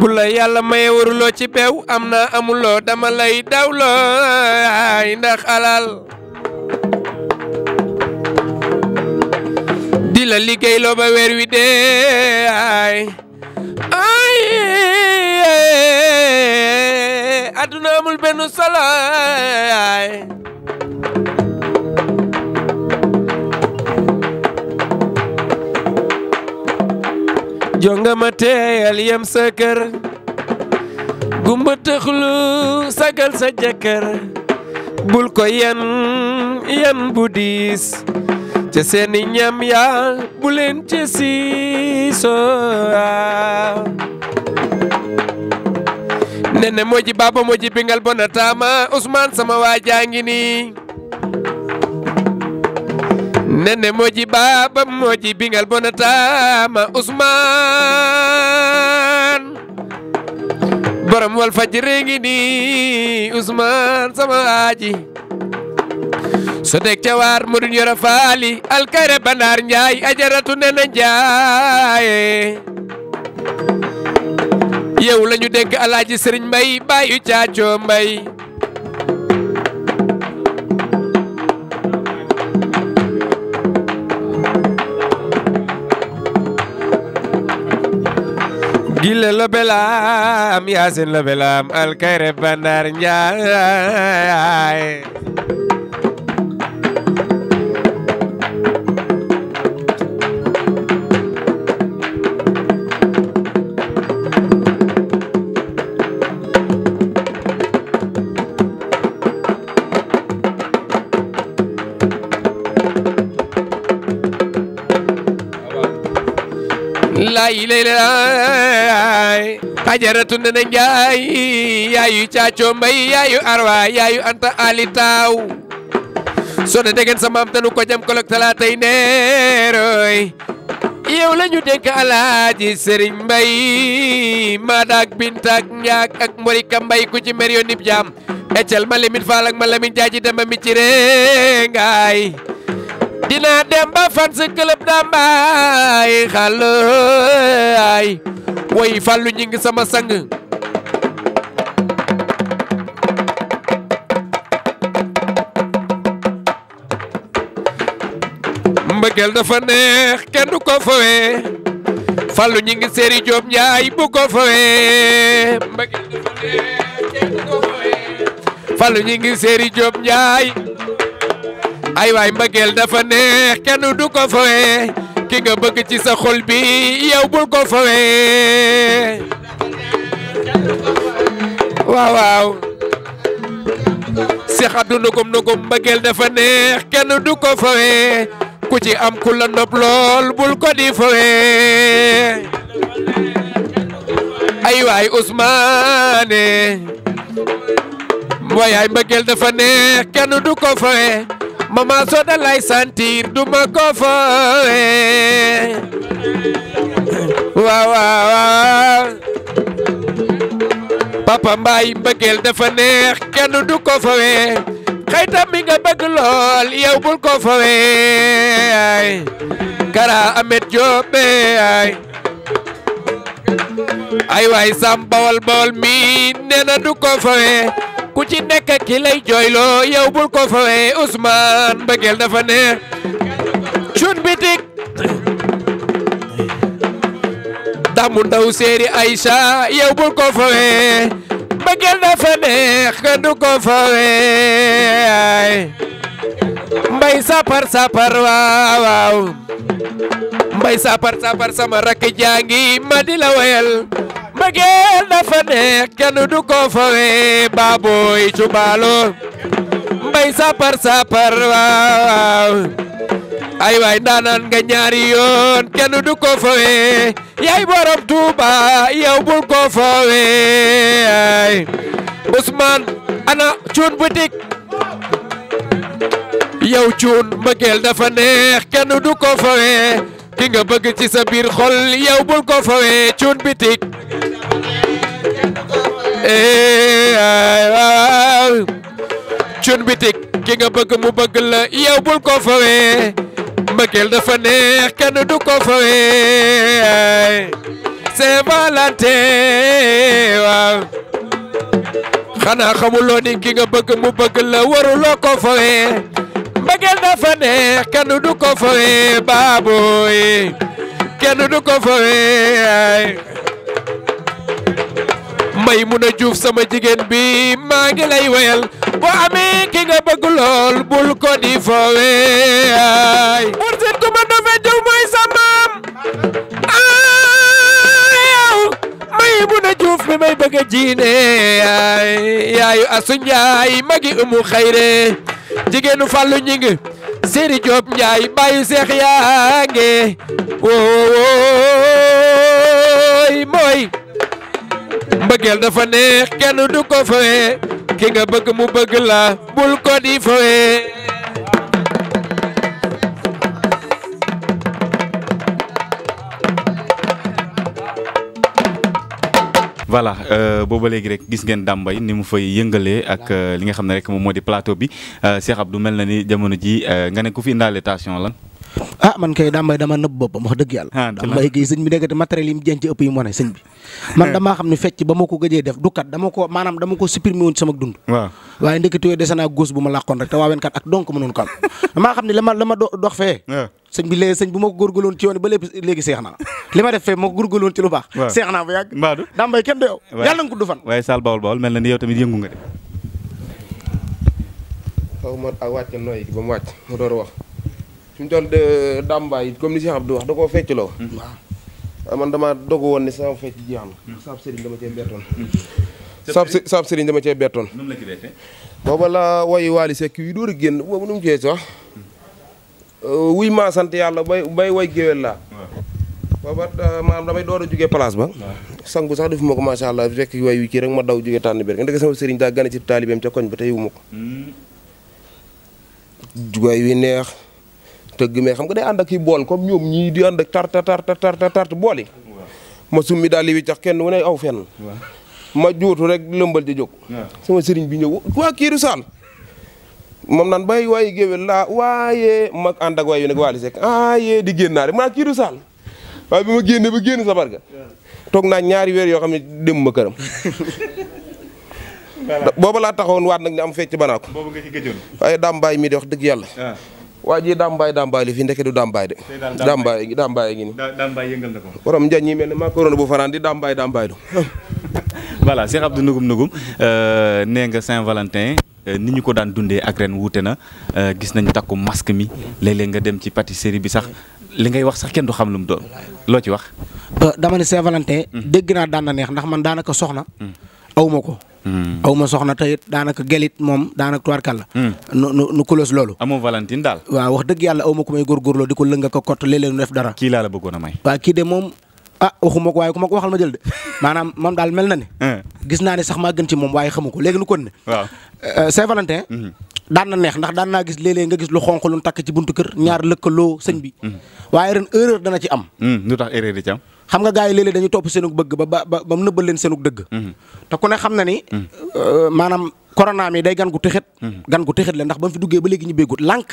bu la yàlla maye waruloo ci peew am naa amuloo dama lay dawloo ay ndax alal di la liggéey loo ba weer wi dee ay ay adduna amul benn solo ay jonga ma yem sa kër gumba tëxlu sagal sa jëkkër bul ko yen yen bu diis ca seeni ñam yaa bu leen ca siisoa nene moji baba moji bingal bona taama Ousmane sama waa jaa ngi nii nene moƴƴi baaba moƴƴi bingal bonatama ousmane borom wal fajiri ngi ni ousmane sama aji so deg cawar moɗum yora faali alkare bandar ndiay ajaratu nene ndiaye yew lañu dégg alaaji sëriñ mbay bayu caaco mbay gille lobelaam yaasin lobelaam alkayre bandar njaay ay Hajaratu Ndeye Njaay yaayu Caaco Mbay yaayu Arwa yaayu Anta Ali Taaw sona degen sa maam tanu ko jam kolok talaatay neeroy yow la ñu dénk alaaji Serigne Mbay Madak Bintak Njaak ak Morika Mbay ku ci mer yoon nib jaam eccal ma lemin faal ma lemin jaaji dama mi ci rengaay dina dem ba fan si club dambaay xale ay woy Fallou ñi ngi sama sang mbëggeel dafa neex kenn du ko fawee Fallou ñi ngi séeri Diop Ndiaye bu ko fawee mbëggeel ñi ngi séeri Diop Ndiaye ay waay mbëggeel dafa neex kenn du ko fowee ki nga bëgg ci sa xol bi yow bul ko fowee waaw waaw si xaddu nugum nugum mbëggeel dafa neex kenn du ko fowee ku ci am ku la nopp lool bul ko di fowee ay waay Ousmane waaye mbëggeel dafa neex kenn du ko fowee mama soo da lay sentir du ma ko foowe waaw waaw papa mbaay mbëggeel dafa neex kenn du ko foowe xaytam mi nga bëgg lool yow bul ko foowe ay kara amet Diop ay ay waay sam bawol bawol mi du ko foowe ku ci nekk ki lay jooyloo yow bul ko fawee Ousmane mbëggeel dafa neex cun bitik damu ndaw séeri Aïcha yow bul ko fawee mbëggeel dafa neex kenn du ko fawee mbay sapar sapar waaw waaw mbay sapar sapar sama rakk jaa ma di la wayal mbëggeel dafa neex kenn du ko fowee baabooy cubaalo mbay sapar sapar waaw ay waay ndaanaan nga ñaari yoon kenn du ko fowee yaay borom Tuuba yow bul ko fowee ay Ousmane ana cuun butik yow cuun mbëggeel dafa neex kenn du ko fowee ki nga bëgg ci sa biir xol yow bul ko fowee cuun butik waaw eh, Thioune Boutique ki nga bëgg mu bëgg la yow bul ko fawee mbëggeel dafa neex kenn du ko fawee c'est Valentin waaw xanaa xamuloo ki nga bëgg mu bëgg la waruloo ko fawee mbëggeel dafa neex kenn du ko fawee baabooy kenn du ko fawee may mun a juuf sama jigéen bi maa ngi lay wayal boo amee ki nga bëgg lool bul ko di foowe ay bursin ku ma dofe jëw mooy sa maam ayaw may mun a juuf mi may bëgg a jiine yaayu asu njaay magi umu xayre jigéenu fàllu ñing Sëri Diop Njaay bàyyi seex yaa nge wooy mooy bëgg mu bëgg la bul ko di fawee euh, booba léegi rek gis ngeen dàmbay ni mu fay yëngalee ak euh, li nga xam ne rek moom moo di plateau bi euh, Cheikh du mel na ni jamono ji nga ne ku fi indaale station lan ah man kay damay dama nëbb boppam wax dëgg yàlla ah, damay kay sëñ bi nekkati matériel yi mu denc ëpp yi mu eh. ko gëjee def du kat dama ko maanaam ko supprimer sama dund waaw waaye ndekete yooyu dese naa góos bu ma làqoon rek te waa wenkat am damaa la ma la ma dox fee eh. sëñ bu ma ko góorgóorloon ci yoon ba lépp léegi seex naa ma def ma ko góorgóorloon lu baax seex naa ba yàgg mbaadu daam bay kenn du yow yàlla nga ko du fan waaye Sall Bawol Bawol mel na ni yow tamit yëngu nga de ma ak wàcc nooy fi mu toll dambaay comme ni Cheikh di wax da koo fecc loo. Hmm. Ah, man dama dogu woon ne sama fecc jeex na. Hmm. saab sëriñ dama cee bettoon. Hmm. cee bettoon. noonu la ci defee. booba la woy Waly Seck yi dóor génn boobu nu mu cee sax. wuy yàlla bay bay way géwél laa. booba ah, maanaam damay door a jugee place ba. sangu sax defuma ko macha allah fekk way wi kii rek ma daw jugee tànn bi rek ndeke sama sëriñ daa gane ci taalibeem ca koñ ba te yëwuma ko. jugaay wi neex. tëgg mais xam nga day ànd ak i bool comme ñii di ànd ak tart tart tart tart bool yi. ma summi daal yi tax kenn wu ne aw fenn. ma juutu rek lëmbal di jóg. sama sëriñ bi ñëw waa Kiiru Sall. moom naan bay waaye géwél laa waaye ma ànd ak waay yu nekk Waly Seck aayee di génn rek maa Kiiru Sall waaye bi ma génnee ba génn sabar ga toog naa ñaari weer yoo xam ne dem ma këram. booba laa taxawoon waat nag ñaam am fecc banaa ko. ci gëjoon. waaye daam mbaay mi di wax dëgg yàlla. waa ji dambaay dambaay li fii ndeke du dambaay de. dambaay dambaay gi nii. dambaay yëngal na ko. borom njañ ñi mel ne macaron bu faraan di dambaay dambaay du. voilà Cheikh Abdou Nougoum Nougoum euh, nee nga Saint-Valentin euh, ni ñu ko daan dundee ak ren wuute na euh, gis nañ takku masque mi léeg-léeg nga dem ci pâtisserie bi sax li ngay wax sax kenn du xam lu mu doon loo ci wax. dama ne Saint-Valentin. Hmm. dégg naa daan na neex ndax man daanaka soxna. Hmm. awma ko. Hmm. aw ma soxna tayit daanaka gelit moom daanaka tubaarkàlla hmm. nu nu nu kulóos loolu amoo valentine daal waaw wax dëgg yàlla aw ma ku may góorgóorloo di lënga ko kott léeg nu def dara kii laa la bëggoon a may waaw kii de moom ah waxuma ko waaye ku ma ko waxal ma jël de maanaam moom daal mel na ne. Eh. gis naa ne sax maa gën ci moom waaye xamu ko léegi lu kon ne. waaw eh, eh, Saint-Valentin. Mhm. daan na neex ndax daan naa gis léeg nga gis lu xonq lu takk ci buntu kër ñaar lëkkaloo sëñ bi. Mhm. waaye ren erreur dana ci am. Mhm. lu tax erreur xam nga gars yi léeg-léeg dañu topp seenug bëgg ba ba ba mu nëbbal leen seenuk dëgg. te ku ne xam na ni. maanaam corona mi day gan gu texet. gan gu texet la ndax ba mu fi duggee ba léegi ñu béegut lànk.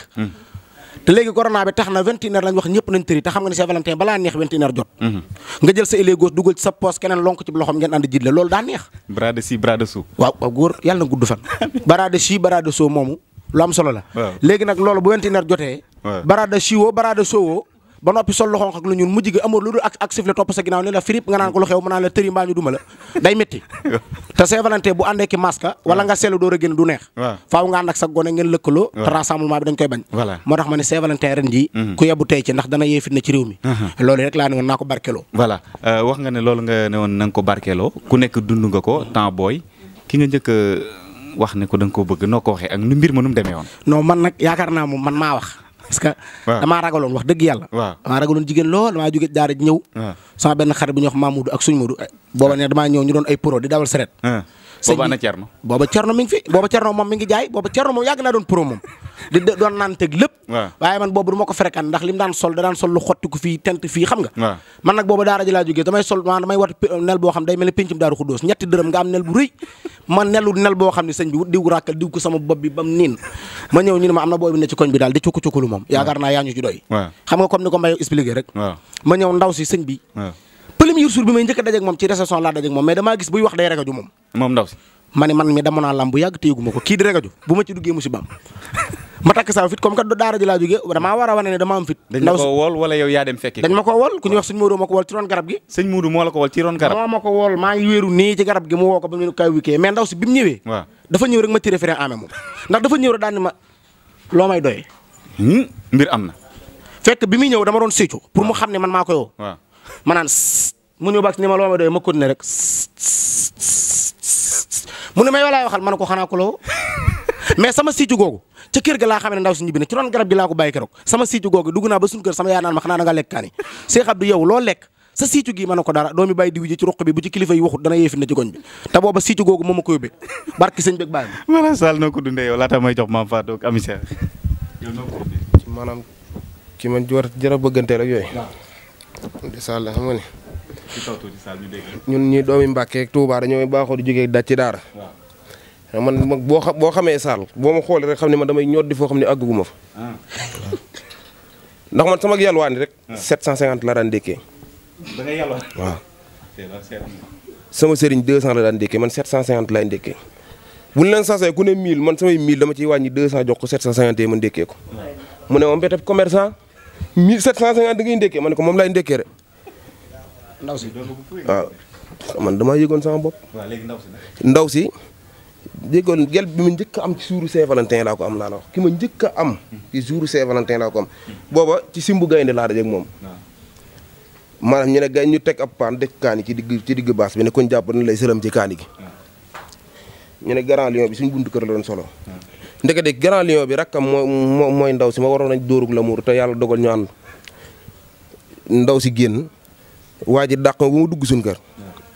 te léegi corona bi tax na vingt et une heures lañ wax ñëpp nañ tëri te xam nga ne Saint Valentin balaa neex vingt et une jot mhm. nga jël sa ailier gauche dugal ci sa poos keneen lonk ci loxoom ngeen ànd jiit la loolu daa neex bras de ci bras waaw waaw góor yàlla na gudd fan bras de ci bras de moomu lu am solo la léegi nag loolu bu vingt et une heures jotee bras de woo bras de ba noppi sol lu xonq ak lu ñuul mujj gi amoo lu dul ak ak sifle topp sa ginnaaw ni la firip nga naan ko lu xew mu naan la tëri mbaa duma la day métti te saint bu àndee ki masque wala nga seelu door a génn du neex faaw nga ànd moo tax ma ne Saint-Valentin ren mhm. tey ci ndax dana yee fitna ci réew mi mhm. loolu rek laa ne woon naa ko barkeeloo voilà euh, wax nga ne loolu nga ne woon na ko barkeloo ku nekk dund nga ko temps booy ki nga njëkk wax ne ko da nga koo bëgg noo ko waxee ak nu mbir ma num mu demee woon non man nag yaakaar naa moom man maa wax parce que damaa ragaloon wax dëgg yàlla damaa ragaloon jigéen lool damaa jóge daara ji ñëw sama benn xarit bu ñuy wax Mamoudou ak suñ Modou eh, booba ne damaa ñëw ñu doon ay pro di dawal saret booba ana Cerno booba Cerno mi ngi fi booba Cerno moom mi ngi jaay booba Cerno moom yàgg naa doon pro moom di doon naan teg lépp waaye man boobu du ma ko fréquent ndax li daan sol da daan sol lu xotti ko fii tent fii xam nga man nag booba daara ji laa jógee damay sol maa nel boo xam day mel ne péncum daaru bi diw ràkkal diw ko sama bopp bi bam niin ma ñëw ñu ma am na boobu ne koñ bi daal di cukku cukku lu moom yaakaar naa yaa ci doy xam nga comme ni ko Mbaye expliqué rek ma ñëw premier jour bi may njëkk a dajeeg moom ci réception laa dajeeg moom mais damaa gis buy wax day regaju moom. moom ndaw si. ma man mi dama naa lam bu yàgg téyeguma ko kii di regaju bu ma ci duggee musibaam ma takk saa fit comme kat daara ji laa jógee damaa war wane ne damaa am fit. ndaw dañ wool wala yaa dem fekki. bi mu ñëwee. waaw dafa hmm? ñëw dama doon séccu pour mu xam ne man maa koy woo. ma naan mu ñëw ba ak ni ma loo ma doy rek mu ne ma ma ne ko xanaa ko loo mais sama siiju googu ca kër gi laa xam ne ndaw si ñibbi na ci ron garab gi laa ko bàyyi keroog sama siiju googu dugg naa ba suñu sama yaa naan ma xanaa da nga lekk kaani Cheikh Abdou loo lekk sa siicu gi mën na ko dara doomi bàyyi di wujje ci ruq bi bu ci kilifa yi waxut dana yeefin na ci goñ bi te booba siicu googu moom ma ko yóbbee barki sëñ beeg bàyyi ma. maanaam Sall noo ko dundee yow laata may jox maam Fatou ak maanaam ki ma war a jar a bëgganteel ndeysaan la xam nga ne. ñun ñi doomi Mbàkke ak Touba dañoo baaxoo di jógee daal ci daara. man mag boo xa boo xamee saal boo ma xoolee rek xam ne ma damay ñor di foo xam ne àgguma fa. Ah. ndax man sama yalwaani rek. 750 ah. la daan dékkee. da ngay yalwaan waaw. sama sëriñ 200 la daan dékkee man 750 laay dékkee bu ñu leen sasee ku ne 1000 man samay 1000 dama ciy wàññi 200 jox ko 750 yi man dékkee ko. Ah. mu ne moom peut-être 1750 da ngay ndekkee ma ne ko moom laay ndekkee rek ndaw si man damaa yëgoon sama bopp. waaw léegi ndaw si ndaw si yëgoon gel bi ma njëkk am ci suuru Saint-Valentin laa am laa la wax ki ma njëkk am. ci suuru laa ko am. booba ci simbu gaynde laa dajeeg moom. maanaam ñu ne gay ñu teg ab paan def kaani ci digg ci digg baas bi ne ko ñu jàpp ne lay sëlam ci kaani gi. ñu ne grand lion suñ buntu kër la doon solo. ndekete grand lion bi rakkam moo mooy ndaw si ma waroon nañ dóorug Lamour te yàlla dogal ñu ànd ndaw si génn waa ji dàq ma bu mu dugg suñ kër.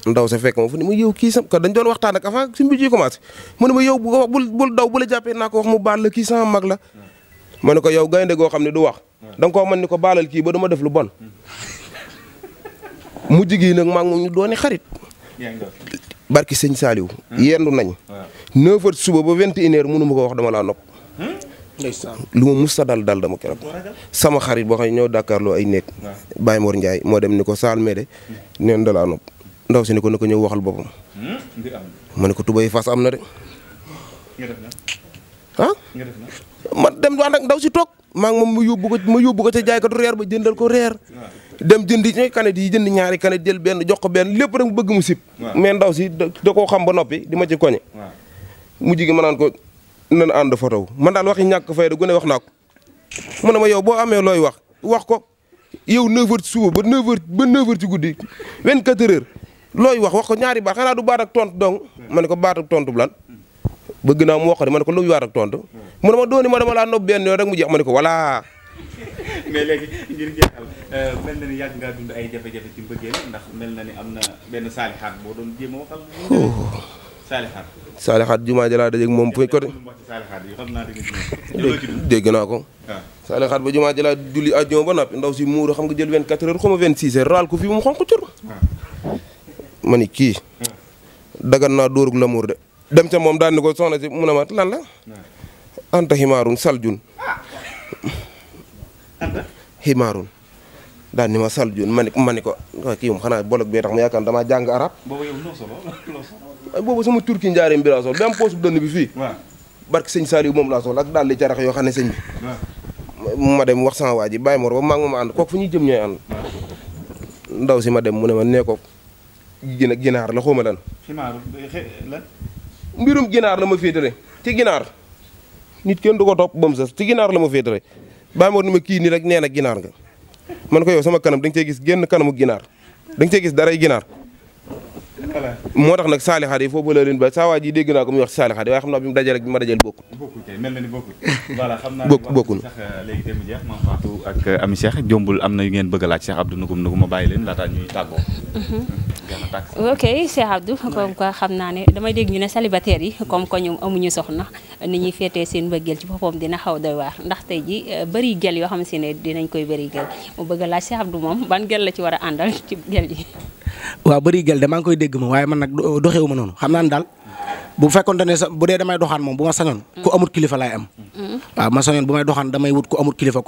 ndaw sa fekk ma fu ne ma yow kii sam kër dañ doon waxtaan a avant suñu bi ji commencé mu ne ma yow bu bul bul daw bu la jàppee naa ko wax mu baal la kii sama mag la. ma ne ko yow gaynde goo xam ne du wax. da nga ni ko baalal kii ba dama def lu bon. mujj gi nag maa ngi dooni xarit. barki sëñ Saaliw hmm. yendu nañ neuf heures suba ba vingt et une ko wax dama laa nopp hmm? lu ma mus sa dal dal dama keroog sama xarit boo xam ne ñoo Dakarloo ay nekk Baye Mor Ndiaye moo dem ni ko Salmé de hmm. neen dalaa nopp ndaw si ne ko ne ko ñëw waxal boppam ma ne ko tubay fas am na de ma dem daan ak ndaw si toog maa ngi moom ma yóbbu ko ma yóbbu ko ca jaaykatu reer ba jëndal ko reer dem jëndi ñooy kanet yi jënd ñaari kanet jël benn jox ko benn lépp rek bëgg mu sib mais ndaw si da koo xam ba noppi di ma ci koñe mujj gi ma naan ko nan ànd photo man daal i ñàkk fayda gu ne wax naa ko mu ne ma yow boo amee looy wax wax ko yow 9h ci ba 9h ba 9 ci guddi 24h looy wax wax ko ñaari baat xanaa du baat ak tontu dong hmm. ma ne ko baat ak tontu bu lan bëgg naa mu wax ko de ma ne ko lu baat ak tontu hmm. mu ne ma dooni dama laa nopp benn yoon rek mu jeex ma ko voilà mais léegi euh, mel na ni yàgg ay jafe-jafe ci mbëggeel mel na ni am na benn saalixaat boo doon jéem a waxal. Oh. saalixaat. saalixaat jumaa jalaa dajeeg moom fu côté. dégg naa ko. waaw ah. saalixaat ba jumaa jalaa julli àjjuma ba noppi ndaw si muuru xam nga jël 24 heures xaw ma 26 heures raal ko fi mu xonq cur. Ah. ma ni kii. Ah. dagan naa dóorug la muur de. dem ca moom daan ni ko soxna si mu ne ma lan la. anta sal jun ximaarun daal ni ma sal jun ma ni ma ni ko kii moom xanaa bolog bee tax ma yaakaar damaa jàng arab boobu yow sama turki njaareem bi laa bi am poos bu dënn bi moom laa sol daal li carax yoo xam ne sëñ bi ma dem wax sama waa ji bàyyi mor ba maa ngi fu ñuy jëm ñooy ànd si ma dem mu ne ma nee ko gina ginaar la xawma lan mbirum ginaar la ma féetale ci ginaar nit kenn du ko topp ba ci ginaar la ma féetale baa ma ni ma kii nii rek nee na ginaar ga mana ko yow sama kanam da nga cee gis génn kanamu ginaar da nga cee gis daray ginaar moo tax nag saali xaar yi foofu la leen ba saa waa ji dégg naa ko muy wax saali xaar yi waaye xam naa bi mu dajal ak bi ma dajal bokkut bokkut bokkul euh, ak euh, Amy Cheikh jombul am na yu ngeen bëgg a laaj Cheikh Abdou Nougoum Nougoum ma bàyyi leen laataa ñuy tàggoo mhm. ok Cheikh Abdou comme quoi xam naa ne damay dégg ñu ne célibataire yi comme quoi ñoom amuñu soxna ni ñuy feetee seen mbëggeel ci boppam dina xaw doy waar ndax tey ji euh, bari gel yoo xam si ne dinañ koy bari gel mu bëgg a laaj Cheikh Abdou moom ban gel la ci war a àndal ci gel yi waaw bëri gel de maa ngi koy dégg ma waaye man nag euh, doxewu ma noonu xam naa ne daal bu fekkonte ne sa bu dee damay doxaan moom bu ma sañoon ku amut kilifa laay am waaw ma sañoon bu may doxaan damay wut ku amut kilifa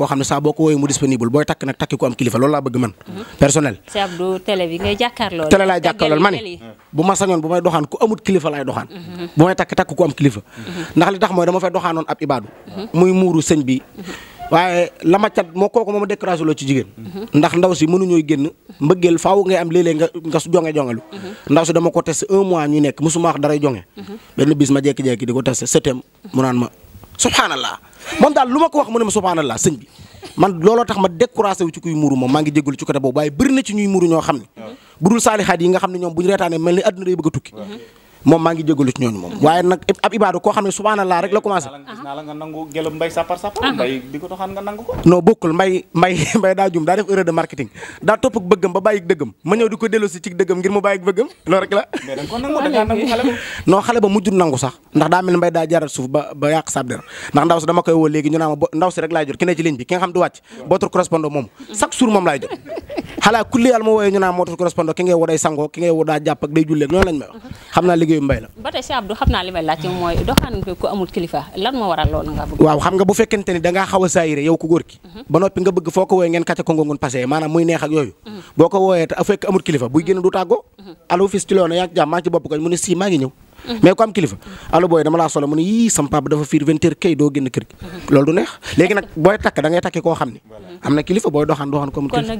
laay doxaan bu may takk takk ku am kilifa ndax li tax mooy dama fay doxaanoon ab ibaadu muy muuru sëñ bi waaye lama cat moo kooku moom découragé loo ci jigéen mhm. ndax ndaw si mënuñooy génn mbëggeel faaw ngay am léeg-léeg nga nga jonge jongelu mhm. ndaw si dama ko testé un mois ñu nekk musuma wax daray jonge mhm. benn bis ma jekki-jekki di ko testé septembre mu naan ma subhanallah moom daal lu ma ko wax mu ne ma subhanallah sëñ bi man looloo tax ma découragé wu ci kuy muuru moom maa ngi jégalu ci côté boobu waaye bëri ci ñuy muuru ñoo xam ne bu dul saalixaat yi nga moom maa ngi jégalu ci ñooñu moom mhm. waaye nag ab ibaadu koo xam ne subhanallah rek la commencé gis naa la nga nangu gelu mbay sapar sapar ah. mbay di ko toxaan nga nangu ko non bokkul mbay mbay mbay daa jum daa def erreur de marketing daa topp ak bëggam ba bàyyi dëggam ma ñëw di ko dellu si dëggam ngir mu bàyyi ak bëggam loolu xale ba non nangu sax ndax daa mel mbay daa jaaral suuf ba ba yàq sab der ndax ndaw si dama koy woo léegi ñu naa ma ndaw si rek laay jot ki ne ci ligne bi ki nga xam du wàcc votre correspondant moom mhm. chaque jour moom laay jot xalaa kulli yàlla ma wooyee ñu moo tax correspondant ki ngay woo day sangoo ki ngay woo day julleeg noonu lañ may xam naa liggéeyu mbay la waaw xam nga bu fekkente ni dangaa xaw a saayire yow ku ki mhm. ba noppi nga bëgg foo ko wooyee ngeen kàcce ko ngongun passé maanaam muy neex yooyu mhm. boo ko wooyee fekk amul kilifa buy génn du tàggoo mhm. alo ci loona yaa ngi jàmm maa bopp ko mu ne si ñëw Mm-hmm. mais ku am kilifa mm-hmm. allo booy dama laa solo mu yii sama papa dafa fiir vingt heures doo génn kër gi mm-hmm. loolu neex léegi nag booy takk da takki koo xam ne am na kilifa booy doxaan doxaan comme kilifa ah.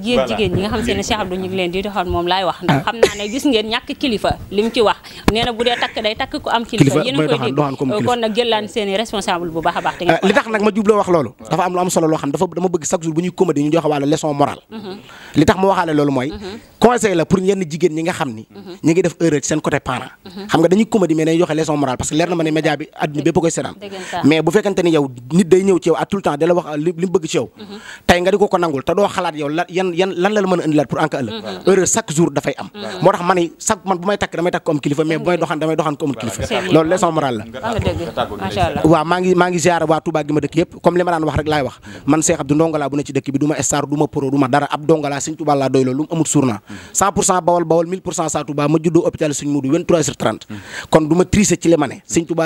li mu bu dee takk day takk ku am kilifa yéen a koy dégg morale li tax ma waxaale loolu mooy conseil la pour ñenn jigéen ñi nga xam ni ñi ngi def erreur seen côté parent xam nga dañuy comédie demee dañuy joxe leçon morale parce que leer na ma ne média bi àdduna bépp koy seetaan mais bu fekkante nit day ñëw ci yow à tout temps da la wax li mu bëgg ci yow mhm. tey nga di ko ko nangul te doo xalaat yow lan la mën a indilaat suur naa 100 pour cent bawal bawal 1000 pour cent saa Touba ma juddoo hôpital Sëñ Mudu 23 sur 30 kon du ma ci li ma ne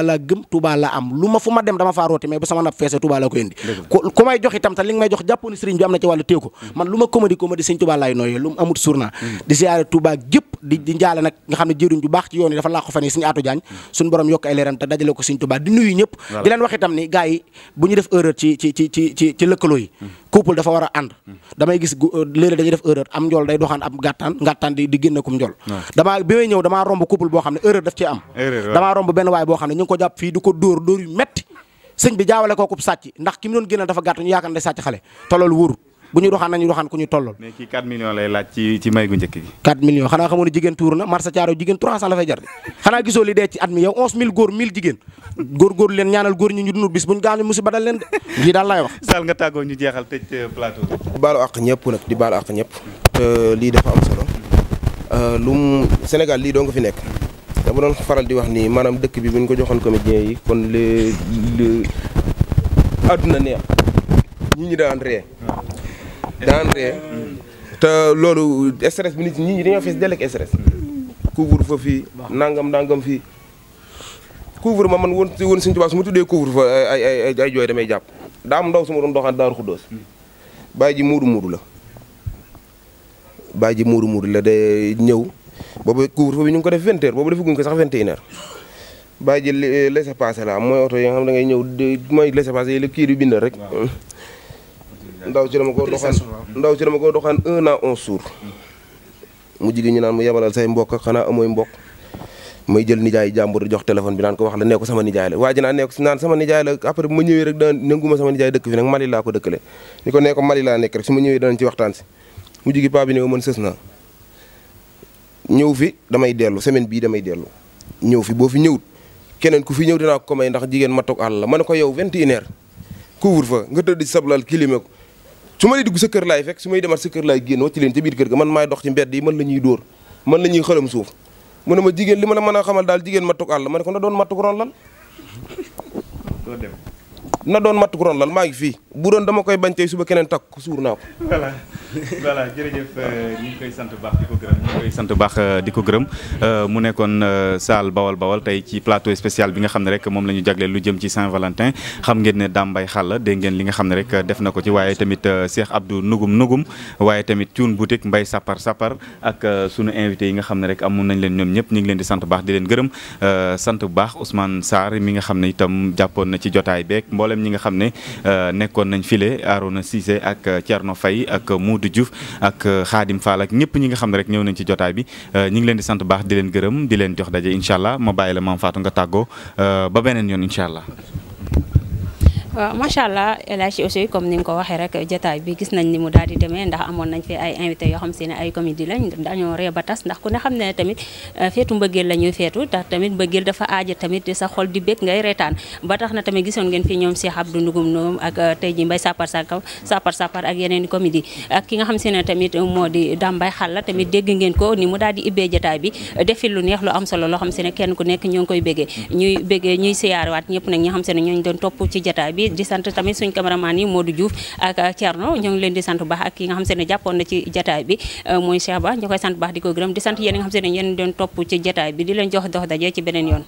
laa gëm Touba laa am lu ma fu ma dem dama faa rooti mais bu sama nap feesee Touba laa ko indi ku may jox itam te li may jox jàppooni sëriñ bi mm. laay nooyee lu amut surna mm. di siyaare Touba gépp di di njaale nag nga xam ne jëriñ bu baax ci yoon yi dafa laa ko fane suñu aatu jaañ mm. suñu borom yokk ay leeram te dajale ko sëñ Touba di nuyu ñëpp di leen wax itam ni gars yi bu ñu def erreur ci ci couple dafa war a ànd damaa romb benn waay boo xam ne ñu ngi ko jàpp fii di ko dóor dóor yu metti sëñ bi jaawale kooku sàcc ndax ki mu doon génnal dafa gàtt ñu yaakaar ne sàcc xale te loolu bu ñu doxaan nañu ñu tollol mais musiba dal leen de lii daal laay wax sal nga tàggoo ñu jeexal tëj euh, plateau di baalu àq di baalu àq ñëpp euh, lii dafa am solo euh, lu Sénégal lii doo nga fi nekk bu doon faral di wax nii maanaam dëkk bi bu ñu ko joxoon comédien yi kon le àdduna neex ñi ñi daan ree daan ree te loolu stress bi nit ñi ñi dañoo fees dell ak stress couvre fa fii nangam nangam fii couvre ma man woon woon suñu su ma tuddee couvre fa ay ay ay jooy damay jàpp daa am ndaw su ma doon doxaan daaru xuddoos bàyyi ji muuru muuru la bàyyi ji muuru muuru la day ñëw boobu couvre-feu bi ñu ngi ko def vingt heures boobu defaguñ ko sax vingt et une heures bàyyi jël euh, laissez-passer la mooy oto yi nga xam da ngay ñëw mooy laissez-passer yi la kii di bindal rek ndaw ci dama ko doxaan ndaw ci dama ko doxaan un an onze jours mu jigéen ñu naan mu yebalal say mbokk xanaa amooy mbokk may jël nijaay jàmbur jox téléphone bi naan ko wax la nekk ko sama nijaay la waa naan nee ko naan sama nijaay la après ma ñëwee rek nanguma sama nijaay dëkk fi nag Mali laa ko dëkkale ni ko ko Mali laa nekk rek su ma ñëwee danañ ci waxtaan si mu jigi paa bi ne man sës naa ñëw fi damay dellu semaine bii damay dellu ñëw fi boo fi ñëwut keneen ku fi ñëw dinaa ko ndax jigéen ma toog àll la ma ne ko yow 21 heures couvre-feu nga tëdd ci sablal kilime ko su may dugg sa kër laay fekk su may demaat sa kër laay génn wacci leen ci biir kër gi man maay dox ci mbedd yi man la ñuy dóor man la ñuy xëlam suuf mu ne ma jigéen li ma la mën a xamal daal jigéen ma toog àll ma ne ko na doon ma toog ron lan na doon matt ku ron lal maa ngi fii bu doon dama koy bañ tey suba keneen takk suur naa ko. voilà voilà jërëjëf euh, ñu ngi koy sant baax di ko gërëm ñu euh, euh, mu nekkoon Saal Bawal Bawal tey ci plateau spécial bi nga xam ne rek moom la ñu jagleel lu jëm ci Saint-Valentin xam ngeen ne Dame xal la de ngeen li nga xam ne rek def na ko ci waaye tamit Cheikh Abdou Nugum Nugum waaye tamit Thioune Boutique Mbaye Sapar Sapar ak sunu invité yi nga xam ne rek amoon nañ leen ñoom ñëpp ñu ngi leen di sant baax di leen gërëm sant bu baax Ousmane Sarr mi nga xam ne itam jàppoon na ci jotaay beek mboolem ñi nga xam ne euh, nekkoon nañ file Arouna Cissé ak euh, Thierno Faye ak euh, Moudou Diouf ak Khadim Fall ak ñëpp ñi nga xam ne rek ñëw nañ ci jotaay bi ñu ngi leen di sant baax di leen gërëm di leen jox daje incha allah ma bàyyi la maam Fatou nga tàggoo ba beneen yoon incha allah macha allah El Hadj aussi comme ni nga ko waxee rek jotaay bi gis nañ ni mu daal di demee ndax amoon nañ fi ay invité yoo xam si ne ay comédie lañ dañoo ree ba tas ne xam ne tamit euh, feetu la ñuy feetu ndax tamit mbëggeel dafa aaja tamit sa xol di bëgg ngay reetaan ba tax na tamit gisoon ngeen fi ñoom Cheikh Abdou Ndugum noom ak euh, tey ji Mbaye Sapar Sapar ak yeneen i comédie ak ki nga xam si ne tamit moo di Dambay Xalla tamit dégg ngeen ko ni mu daal di ibbee jotaay bi defil lu neex lu am solo loo xam si kenn ku nekk ñoo koy bëggee ñuy bëggee ñuy siyaarwaat ñëpp nag ñi xam si bi yi di sant tamit suñ cameraman yi Modou Diouf ak Thierno ñoo ngi leen di sant bu baax ak ki nga xam se ne jàppoon na ci jataay bi euh, mooy Cheikh Ba ñu koy sant baax di ko gërëm di sant yéen nga xam se ne yéen doon topp ci jataay bi di leen jox dox daje ci beneen yoon